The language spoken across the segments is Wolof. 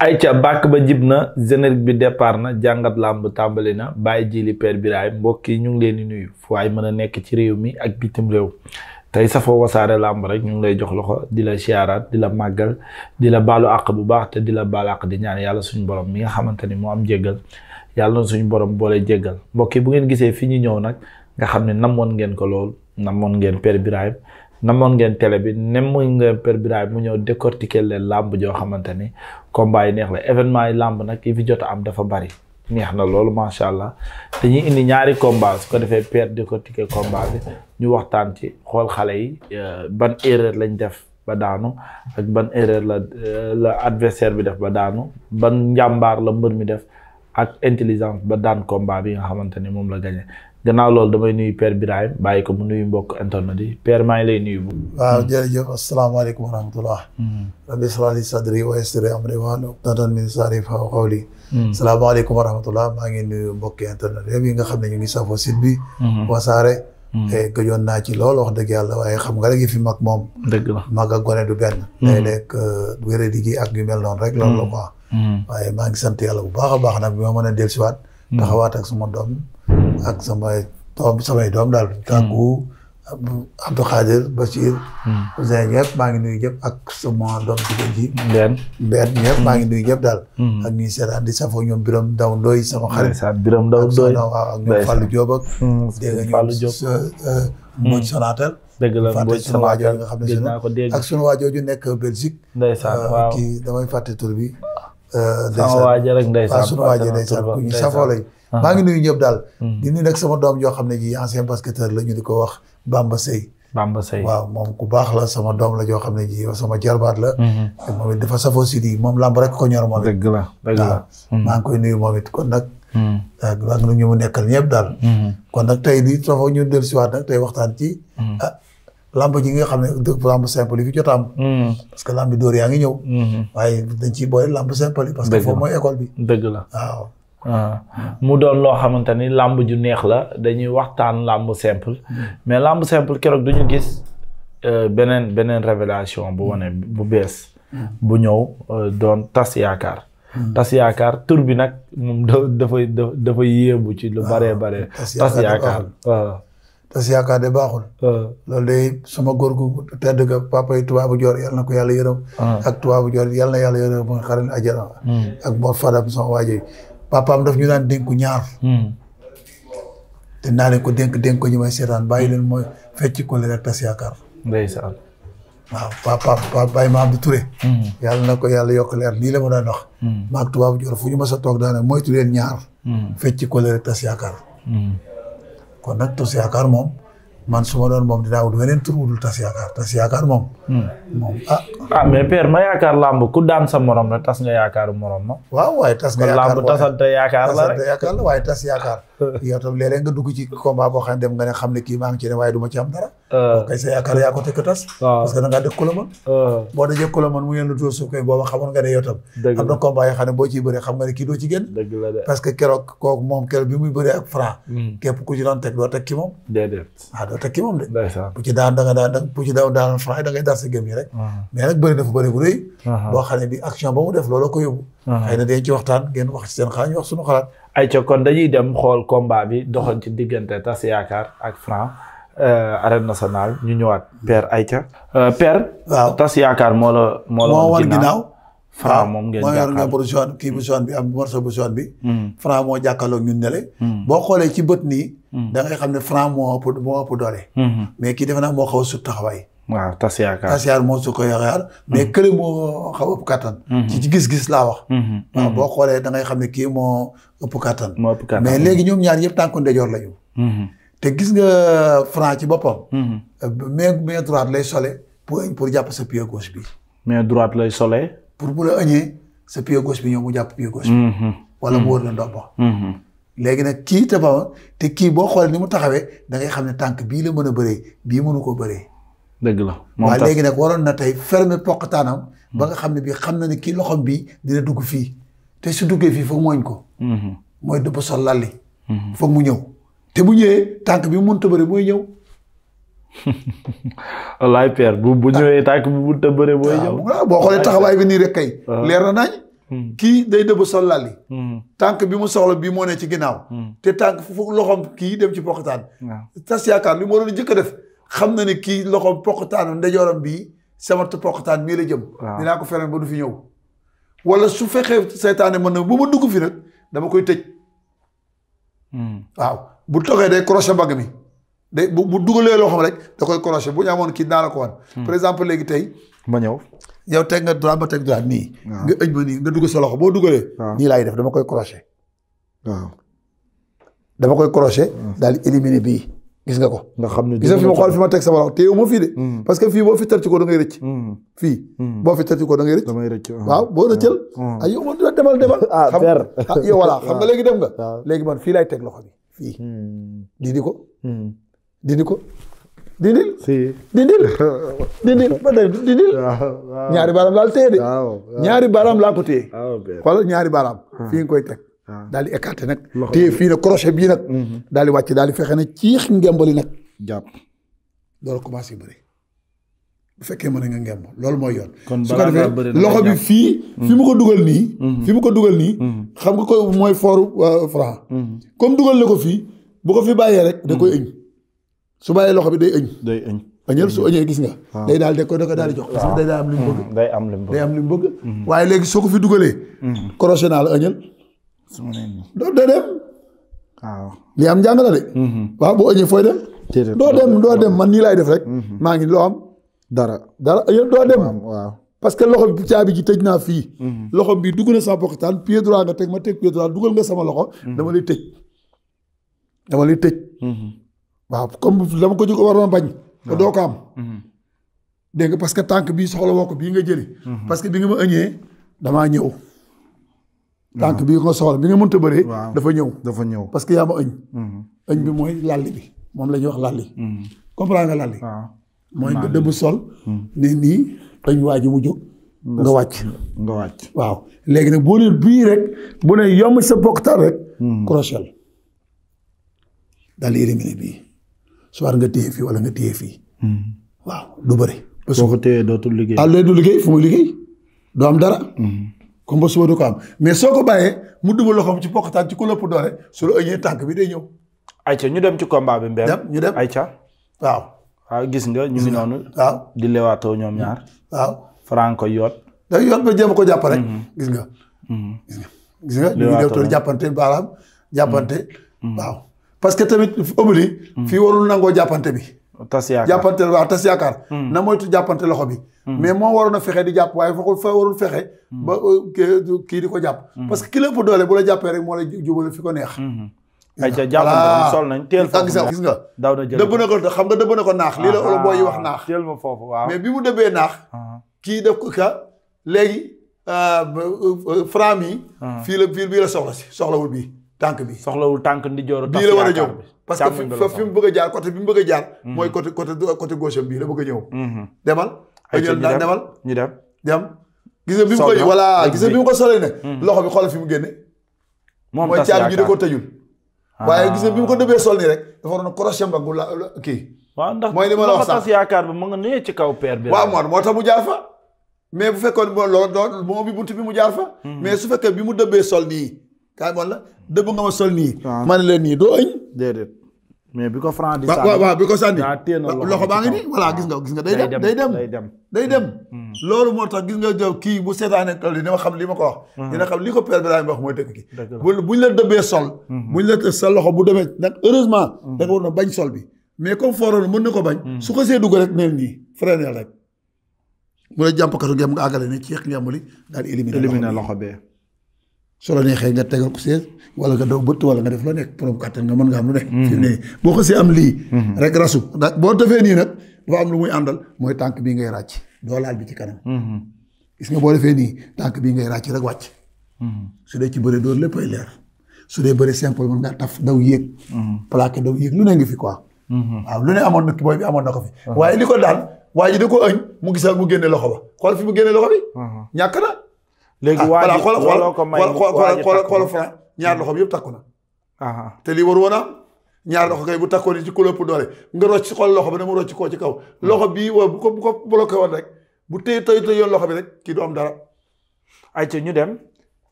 ay ca bàkk ba jib na générique bi départ na jàngat làmb tàmbali na bàyyi jili Père Birahim mbokk yi ñu ngi leen di nuyu fu mën a nekk ci réew mi ak bitim réew tey safoo wasaare làmb rek ñu ngi lay jox loxo di la siyaaraat di la màggal di la baalu àq bu baax te di la baalu àq di ñaan yàlla suñu borom mi nga xamante ni moo am jéggal yàlla na suñu borom boole jéggal mbokki bu ngeen gisee fi ñu ñëw nag nga xam ne namoon ngeen ko lool namoon ngeen Père Birahim moon ngeen télé bi nemmu ngeen per Birahim mu ñëw décortiquer leen làmb joo xamante ni combat yi neex la événement yi làmb nag yi fi jot am dafa bari neex na loolu macha allah dañuy indi ñaari combat su ko defee per décortiquer combat bi ñu waxtaan ci xool xale yi euh, ban erreur lañ def ba daanu ak ban erreur la euh, la adversaire bi def ba daanu ban njàmbaar la mbër mi def ak intelligence ba daan combat bi nga xamante ni moom la gagné gannaaw loolu damay nuyu Père Birahim bàyyi ko mu nuyu mbokk internet yi Père maa ngi lay nuyu. waaw jërëjëf asalaamaaleykum wa rahmatullah. Hmm. rabbi israh li sadri wa yassir li amri wahlul uqdatan min lisani yafqahu qawli. Hmm. salaamaaleykum wa rahmatullah maa ngi nuyu mbokk internet yëpp yi nga xam ne ñu ngi safoo site bi. Hmm. wasaare. Eh, gëjoon naa ci lool wax dëgg yàlla waaye xam nga rek fi mag moom. dëgg la mag ak gone du benn. day nekk euh, wéradi gi ak yu mel noon rek. loolu la quoi. Mm-hmm. waaye maa ngi sant yàlla bu baax a baax nag bi ma mën a dellusiwaat mm-hmm. taxawaat ak sama doom ak samay doom samay doom daal mm-hmm. kàggu Abdou Khadir Bachir Ousseyn maa ngi nuyu ñëpp ak sama doom jigéen ji benn benn ñëpp maa ngi nuyu ñëpp daal ak ñuy seetaan di safoo ñoom Biram Ndaw Ndoy sama xarit Biram Ndaw Ndoy waaw ak ñoom Fallou nga ñoom euh, ne ak sunu waajooju nekk Belgique euh, kii damay fàtte tur bi Euh, sama waaja rek ndeysaan sunu waaja ndeysaan ku ñu safoo lañ maa ngi nuyu ñëpp daal hmm. di nuyu nag sama doom joo xam ne ji ancien basketteur la di ko wax Bamba Seye Bamba Seye waaw moom ku baax la sama doom la joo xam ne ji sama jarbaat la hmm. moom it dafa safoo si di moom làmb rek ko ñor moom it dëgg la dëgg la hmm. maa ngi koy nuyu moom it kon nag waaw maa ngi ñu mu nekkal ñëpp daal kon nag tey di safoo ñu dellusiwaat nag tey waxtaan ci ah làmb ji nga xam ne lamb simple yi fi jot a am hmm. parce que lamb dóor yaa ngi ñëw hmm. waaye dañ ciy boole lamb simple yi foofu mooy école bi dëgg la ah. mu doon loo xamante ni làmb ju neex la dañuy waxtaan làmb simple hmm. mais làmb simple keroog du ñu gis euh, beneen beneen révélation bu wane bu bees bu ñëw euh, doon tas yaakaar tas yaakaar tur bi nag moom dafa dafa dafa yéebu ci lu baree bare tas yaakaar tas yaakaar ah. de baaxul. lool day sama góor gu tedd ga papa tubaabu joor yal na ko yàlla yërëm. Ah. ak tubaabu joor yal na yàlla yërëm ba nga xaran ak Mor Fadam sama waajo daf ñu daan dénku ñaar. Hmm. te naa leen ko dénk dénk ko ñu may seetaan bàyyi leen mooy fecc ko leen ak tas yaakaar. ndeysaan. waaw papa papa Baye hmm. yàlla na ko yàlla yokk leer lii la ma daan wax. Hmm. maag tubaabu joor fu ñu mës a toog daanaka mooy leen ñaar. fecc ko leen ak tas yaakaar. kon na tas yaakaar moom man su doon moom dinaa wut weneen tur wudul tas yaakaar tas yaakaar moom. Hmm. moom ah. ah mais père ma yaakaar ku daan sa morom la tas nga yaakaaru morom ma. waaw waaye tas nga yaakaar waaye làmb yaakaar la rek tasante yaakaar la waaye tas yaakaar. yow tam léeg-léeg nga dugg ci combat boo xam ne dem nga ne xam ne kii maa ci ne waaye du ci am dara. boo ah. sa yaakaar yaa ko tëkk tas. Ah. parce que da ngaa ah. combat yoo xam ne boo hmm. ci doon teg ki moom. déedéet doo teg ki moom de. bu daan da daan bu daan daan Franc da sa gëm yi rek. mais nag bëri na fa bëri bu rëy. boo xam ne bi action ba mu def loolu ko yóbbu xëy na dañ ci waxtaan ngeen wax ci seen xalaat ñu wax suñu xalaat ay ca kon dañuy dem xool combat bi doxoon ci diggante tas yaakaar ak franc euh, arène nationale ñu ñëwaat père Aïcha euh, père waaw tas yaakaar moo la moo la woon ginnaaw Franc moom ngeen moo yor nga position kii position bi am bi hmm. Franc moo jàkkaarloog ñun nele hmm. boo xoolee ci bët nii hmm. da xam ne Franc moo ëpp moo ëpp doole mais kii defe naa moo xaw sut taxawaay waaw tas yaakaar tas yaakaar moom su ko yaakaar. Mhm. mais kële moo xaw ëpp kattan. ci mhm. ci gis-gis laa wax. Mhm. waaw boo xoolee da ngay xam ne kii moo ëpp kattan. moo ëpp kattan mais léegi ñoom ñaar yëpp tànku ndejoor la ñu. te gis nga franc ci boppam. main main droite lay sole pour sa pied gauche bi. main droite lay sole. pour bu la ëñee sa pied gauche bi ñoom jàpp pied gauche bi. wala mu wër la ndomba. léegi nag kii te ba te kii boo xoolee ni mu taxawee da ngay xam ne tànk bii la mën a bëree bii mënu ko bëree. dëgg la léegi nag waroon na tey fermer poqataanam ba nga xam ne bi xam na ne kii loxom bi dina dugg fii te su duggee fii foog mooñ ko mhm. mooy dëpp sol lalli mhm. foog mu ñëw te bu ñëwee tànk bi mun tëbëre mooy ñëw wallaay père bu bu ñëwee tànk bi mun tëbëre mooy ñëw boo xoolee taxawaay bi nii rek kay ah. leer na nañ hmm. kii day dëbb sol lalli hmm. tànk bi mu soxla bii moo ne ci ginnaaw hmm. te tànk foofu loxom kii dem ci poqataan tas yaakaar li moo doon jëkk def xam na ne kii loxoom poqataanam ndeyjooram bii sama poqataan mii la jëm. dinaa ko feneen ba du fi ñëw. wala su fexee seytaane mën na bu ma dugg fi nag dama koy tëj. Hmm. waaw bu toogee day crochet mbagg mi. day bu bu dugalee loo xam rek da koy crochet bu ñu amoon kii naa la ko wan. Hmm. par ma ñëw. yow teg nga droit ma teg droit nii. nga ëj ma nii nga dugg sa loxo boo dugalee. nii laay def dama koy crochet. dama koy crochet. Hmm. daal di éliminer bii. gis nga ko. nga xam ne gis nga fi ma xool fi ma teg sama loxo téye ma fii de. Hmm. parce que fii boo fi tër ci ko da ngay rëcc. Hmm. fii hmm. boo fi tër ci ko da ngay rëcc. damay uh-huh. waaw boo rëccal. Uh-huh. ay yow dina demal demal. ah per ah xam nga ah, léegi dem nga. léegi man fii laay teg loxo bi fii. dindi ko. dindi ko. dindil si dindil dindil ba tey dindil ñaari baaraam laal téye de ñaari balaam laa ko téye xoolal ñaari baaraam fii nga koy teg daal di écarté nag. te fii nag crochet bii nag. Mhm. daal di wàcc daal di fexe ne ciix ngembali nag. jàpp loolu commencé bëri. bu fekkee mën nga ngemb loolu mooy yoon. kon su ko defee loxo bi fii. Mhm. fi mu ko dugal nii. Mhm. fi mu ko dugal nii. xam nga ko mooy fooru franc. comme dugal na ko fii bu ko fi bàyyee rek da koy ëñ. su bàyyee loxo bi day ëñ. day ëñ añal su ëñee gis nga. day daal de ko da ko daal di jox parce que waaye léegi soo ko fi dugalee. crochet naa la añal. suma nee nii dem. waaw lii am njàng la de. Mm-hmm. waaw boo ëññee fooy dem. doo dem doo dem man nii laay def rek. Mm-hmm. maa ngi loo am. dara dara doo dem. waaw parce loxo bi caabi ji tëj naa fii. Mm-hmm. loxo bi dugg na sama pokkitaan pied droit nga teg ma dugal nga sama loxo. dama lay tëj. dama lay tëj. waaw comme dama ko jóg waroon bañ. waaw doo ko am. dégg nga parce que tànk bii soxla woo ko bii nga jëli. parce que bi nga ma ëññee damaa ñëw. tànk mhm. bii nga soxla bi nga mënta bëree. dafa ñëw dafa ñëw parce que yaa ma ëñ. Mhm. ëñ bi mooy làlli bi moom la ñuy wax làlli. Mhm. comprendre nga làlli. mooy dëbb sol. ne nii ëñ waa ji mu jóg. nga wàcc waaw léegi nag boo nee bii rek bu ne yomb sa boktar rek. crochet daal di éliminer bii soir nga téye fii wala nga téye fii. waaw du bëri. parce que boo téyee dootul liggéey. ah léegi du liggéey liggéey doo am dara. comme ba suba du ko am mais soo ko bàyyee mu dugal loxoom ci pokkataan ci ku lëpp doole su la ëñee tànk bi day ñëw. ayca ñu dem ci combat bi Mbembe. dem ñu dem ayca. waaw. waaw ah, gis nga ñu ngi noonu. waaw di leewaatoo ñoom ñaar. waaw Franco yoot. day yoot ba jéem ko jàpp rek. Mm-hmm. gis nga. Mm-hmm. gis nga gis nga ñu ngi jàppante baaraam jàppante. Mm-hmm. waaw parce que tamit obli. fii warul nangoo jàppante bi. tas yaakaar jàppante waaw tas yaakaar. Hmm. na moytu jàppante loxo bi. Hmm. mais moo waroon a fexe di jàpp waaye fa fa warul fexe. Hmm. ba euh, kii di ko jàpp. parce que ki lépp doole bu la jàppee rek moo lay jubale fi ko neex. ayca jàppante ah, sol nañ teel foofu gis gis nga. daaw na dëbb na ko xam nga dëbb na ko naax. lii la olo ah, booy wax ah, naax. teel ma foofu waaw mais bi mu dëbbee naax. kii def ko ka léegi euh, euh, franc mi. fii la fii bii la soxla si soxlawul bii. tànk bi soxlawul tànk ndi jooro bii la war a ñëw parce que fi mu bëgg a jaar côté bi mu bëgg a jaar mhm. mooy côté côté côté gauche am bii la bëgg a ñëw mhm. demal añël demal ñu dem dem gis bi mu ko voilà ko solee ne mhm. loxo bi xoolal fi mu génne mooy da ko tëjul waaye gis nga bi mu ko dëbee sol a crochet ba bi mu nga nee ci kaw peer bi moo tax mu jaar fa mais bu fekkoon moo loolu loolu bi bunt bi mu jaar fa mais su fekkee bi mu dëbee sol nii kaay bon la dëbb nga ma sol nii. Ah. ma ne nii doo ëñ. déedéet bi ko franc di. sànni waaw bi ko sànni. loxo baa ngi nii voilà gis nga gis nga day dem day dem day dem. day dem hmm. loolu moo tax gis nga jow kii bu seetaane kal li dama xam li ma ko wax hmm. dina xam li ko père Birahim wax mooy dëkk gi bu buñ la dëbbee sol hmm. buñ la sa loxo bu demee nag heureusement da nga war na bañ sol bi mais comme fooroon mën na ko bañ su ko see dugg rek neen nii freiné rek mu ne jàmpkatu katu nga àggale ne ci yeeq ngembali daal éliminer loxo bee soo la neexee nga tegal ko sees wala nga daw bëtt wala nga def la nekk borom kàttan nga mën nga am lu ne. Mm-hmm. fi ne boo xasee am lii. Mm-hmm. rek rasu boo defee nii nag dafa am lu muy àndal mooy tànk bii ngay ràcc doo bi mm-hmm. nga boo defee nii tànk bii ngay ràcc rek wàcc. su dee ci bëri dóor léppay leer su dee bëri simple mën ngaa taf daw yéeg. plaqué daw yéeg lu ne ngi fi quoi. waaw lu ne amoon na booy bi amoon na ko fi. Uh-huh. waaye li ko daal waa ji da ko ëñ mu gisaat mu génne loxo ba xool fi mu génne léegi ah, waa ji looloo ko may xoolal xoolal Franc ñaar loxoom yëpp takku na. te lii waru woon a ñaar loxo kay bu takkoon ni ci ku ëpp doole nga rocc xool loxo bi ne mu rocc koo ci kaw. Hmm. loxo bii waa bu ko bu ko bloqué woon rek bu téye tey tey yoon loxo bi rek kii du am dara. ay ca ñu dem.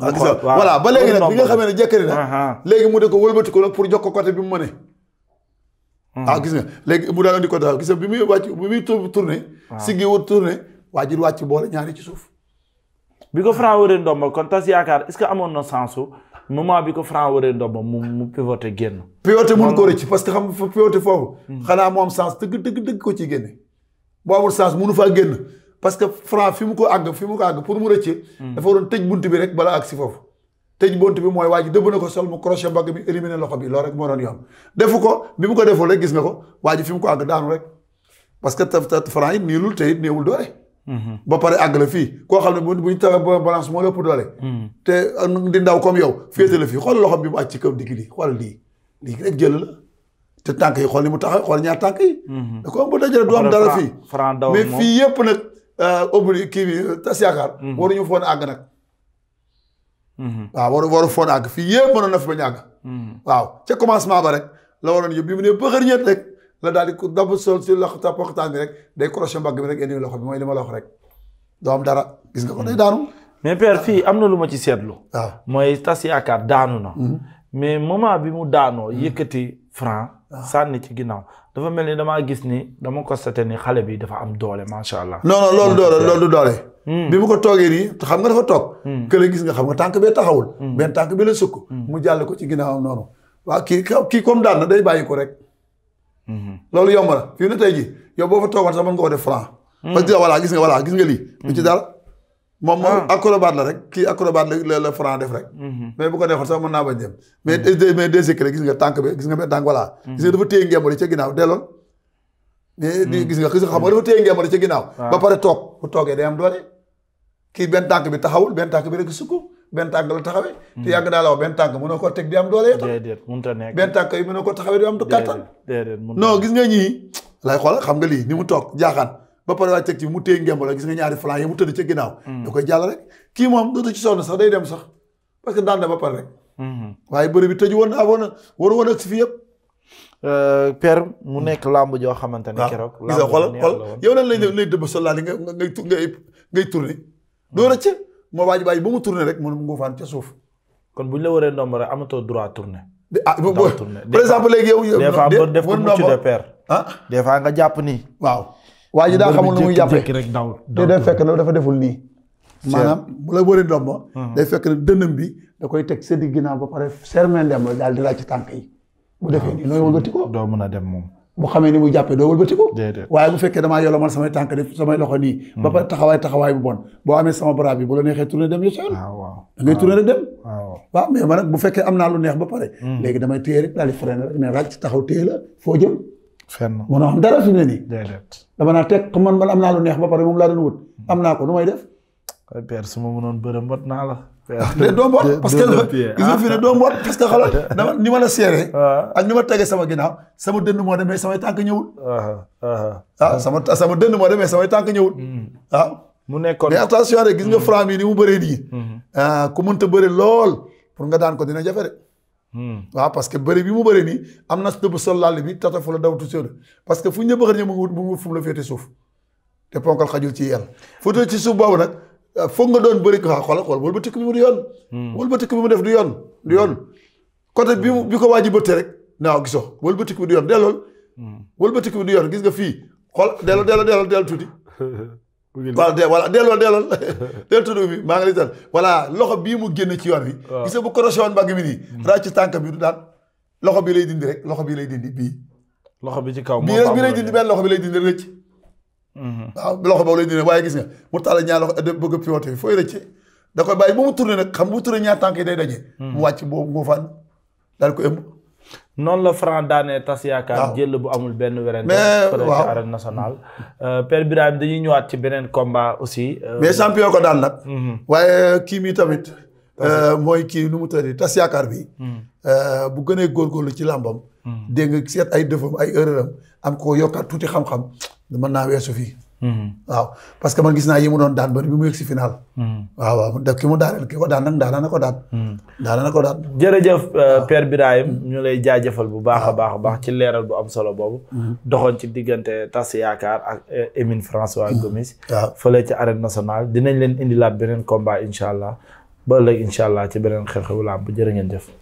Ah, waaw voilà ba léegi nag bi nga xamee ne jëkkëri na. léegi mu de ko wëlbati ko nag pour jox ko côté bi mu mënee. Hmm. ah gis nga léegi mu daal di ko daal gis nga bi muy wàcc bi muy tourné. waaw si gi wut tourné waa ji wàcc boole ñaari ci suuf bi ko Franc wëree ndomba kon tas yaakaar est-ce que amoon na sensu moment bi ko Franc wëree ndomba mu mu pivoté génn. pivoté mun ko rëcc parce que xam nga pivoté foofu. Hmm. xanaa moo am sens dëgg ko ci génne. boo amul sens munu faa parce que Franc fi mu ko àgg fi mu ko àgg pour mu rëcc. Hmm. dafa waroon tëj bunt bi rek balaa àgg si foofu. tëj bunt bi mooy waa ji dëbb na ko sol mu crochet mbagg bi éliminé loxo bi loolu rek moo doon yoon. defu ko bi mu ko deful rek gis nga ko waaj fi mu ko àgg daanu rek parce que te te Franc it niilul te it néewul Mm-hmm. ba pare àgg la fii koo xam ne bu bu ñu tawee balance moo lépp doole. Mm-hmm. te di ndaw comme yow. féete la fii xool loxo bi mu àcc ci kaw digg lii xool lii lii rek jël la te tànk yi xol ni mu taxaw xool ñaar tànk yi. Mm-hmm. da ko am bu dajale du am dara fii. mais fii yëpp nag euh, obli kii bi euh, tas yaakaar. waruñu foon àgg nag. waaw waru waru foon àgg fii yëpp mënoon na fi bañ àgg. waaw ca commencement ba rek la waroon yëpp bi mu ne bëxër ñeet rek. la daal di ku dabb sol si loxo poxtaan bi rek day crochet mbagg bi rek indi loxo bi mooy li ma la rek doo am dara gis nga ko day daanu. mais père fii am na lu ma ci seetlu. waaw ah. mooy tas yaakaar daanu na. Mhm. mais moment bi mu daanoo mhm. yëkkati franc. Ah. sànni ci ginnaaw dafa mel ni damaa gis ni dama constaté ni xale bi dafa am doole macha allah. non non loolu doole mm. loolu du doole. Mm. bi mu ko toogee nii xam nga dafa toog. Mm. kële gis nga xam nga tànk bee taxawul. benn tànk bi la sukk. mu jàll ko ci ginnaawam noonu. waa kii kii comme day bàyyi ko rek. Mm-hmm. loolu yomb na fii ne tey ji yow boo fa toogoon sax mën nga ko def franc. ma que voilà gis nga voilà gis nga lii. Mm-hmm. du ci dara. moom moom ah. acrobate la rek kii acrobate la la franc def rek. Mm-hmm. mais bu ko defoon sax mën naa bañ dem. mais mais deux gis nga tànk bi gis nga benn tànk voilà. gis nga dafa téye ngemb li ca delloon. mais di gis nga xam nga dafa téye ngemb li ca ginnaaw. Ah. ba pare toog bu toogee day am doole. kii benn tànk bi taxawul benn tànk bi rek sukk. benn tànk la taxawee. te yàgg naa la wax benn tànk a ko teg di am doole yëpp. déedéet mënut a benn tànk yi mënoo ko taxawee di am du kattan. déedéet gis nga ñii. lay xool xam nga lii ni mu toog jaaxaan ba pare waa teg ci mu téye ngemb la gis nga ñaari flan yi mu tëdd ca ginnaaw. da koy jàll rek kii moom dootu ci sonn sax day dem sax parce que daan na ba pare rek. waaye bëri bi tëju woon na woon ak si fii yëpp. père mu nekk lamb joo xamante keroog. lamb moo waaj bàyyi ba mu tourné rek mu nguufaan ca suuf. kon bu ñu la waree ndomb rek amatoo droit tourné. ah par exemple léegi yow. yow de ah des fois nga jàpp nii. waaw waa ji daa xamul nu muy jàppee rek daw te day fekk ne dafa deful nii. maanaam bu la waree ndomb. Mhm. day fekk ne dënnam bi da koy teg séddi ginnaaw ba pare sermé ndem daal di laaj ci tànk yi. bu defee nii nooy wëngati ko doo mën a dem moom. bu xamee ni mu jàppee doo wëlbatiku waaye bu fekkee damaa yolomal samay tànk def samay loxo nii ba pare taxawaay taxawaay bu bon boo amee sama bras bi bu la neexee tourné dem yo soon da ngay dem waaw mais man nag bu fekkee am naa lu neex ba pare hmm. léegi damay téye rek daal di rek ne ràcc taxaw téye la foo jëm fenn mënoo xam dara fi mu ne nii dama naa teg man man am naa lu neex ba pare moom laa doon wut hmm. am naa ko nu may def père su ma mënoon bërëm wat naa la de doo mboot parce que gis dama ni ma la seeree ah. ak ni ma tegee sama ginnaaw sama dënn moo demee samay tànk ñëwul ah, ah, ah. sama sama dënn moo demee samay tànk ñëwul waaw hmm. mu nekkoon mais attention rek gis nga hmm. franc yi ni mu bëree nii hmm. ku mënta bëri lool pour nga daan ko dina jafe de waaw parce que bëri bi mu bëri nii am na dëbb sol làll bi tata fu la daw tu sol parce que fu ñu la bëgg a ñëw mu ngi wut mu la féete suuf te ponkal xajul ci yàlla fu ci suuf boobu nag Ah, foog nga doon bëri ko waa ah, xoolal xool wëlbati ko bi mu du yoon. Hmm. wëlbati ko bi mu def du yoon du yoon. côté bi bi ko waaj a bëtte rek naaw gisoo wëlbati ko bi du yoon dellool. Hmm. wëlbati ko bi du yoon gis nga fii xool delloo delloo delloo delloo tuuti. voilà de voilà delloo delloo delloo tuuti bi maa ngi lay tal voilà loxo bii mu génn ci yoon bi. waaw gis nga bu croché woon mbagg mi nii. Hmm. ràcc tànk bi du daan loxo bii lay dindi rek loxo bii lay dindi bii. loxo bi ci kaw moo bii rek bii lay dindi benn loxo bi lay dindi rek waaw mhm. ah, loxo boobu lay dina waaye gis nga mu taal ñaar loxo bëgg a pivoté bi fooy rëcce da koy bàyyi ba mu tourné nag xam bu tourné ñaar tànk yi day daje. Mhm. mu wàcc boobu nguufaan daal ko ëmb. noonu la Franc daanee tas yaakaar jël bu amul benn werante mais waaw arène nationale euh, Père Birahim dañuy ñëwaat ci beneen combat aussi euh, mais champion ko daan nag mhm. waaye kii mi tamit Euh, mooy kii nu mu tëddee tas yaakaar bi. Hmm. Euh, bu gënee góor góorgóorlu ci làmbam. Hmm. dégg nga seet ay defam ay erreur am ko yokkaat tuuti xam-xam mën naa weesu fii. Hmm. waaw parce que man gis naa yi mu doon daan ba bi mu yegg si final. waaw waaw def ki mu daaneel ki ko daan nag daana na ko daan. daana na ko daan. jërëjëf euh, Père Birahim ñu lay jaajëfal bu baax a baax a baax ci leeral bu am solo boobu. doxoon ci diggante Tass Yaakaar ak Emine François Gomis. waaw fële ci arène nationale dinañ leen indilaat beneen combat incha allah. ba ëllëg incha allah ci beneen xew-xewu làmb jërë ngeen jëf.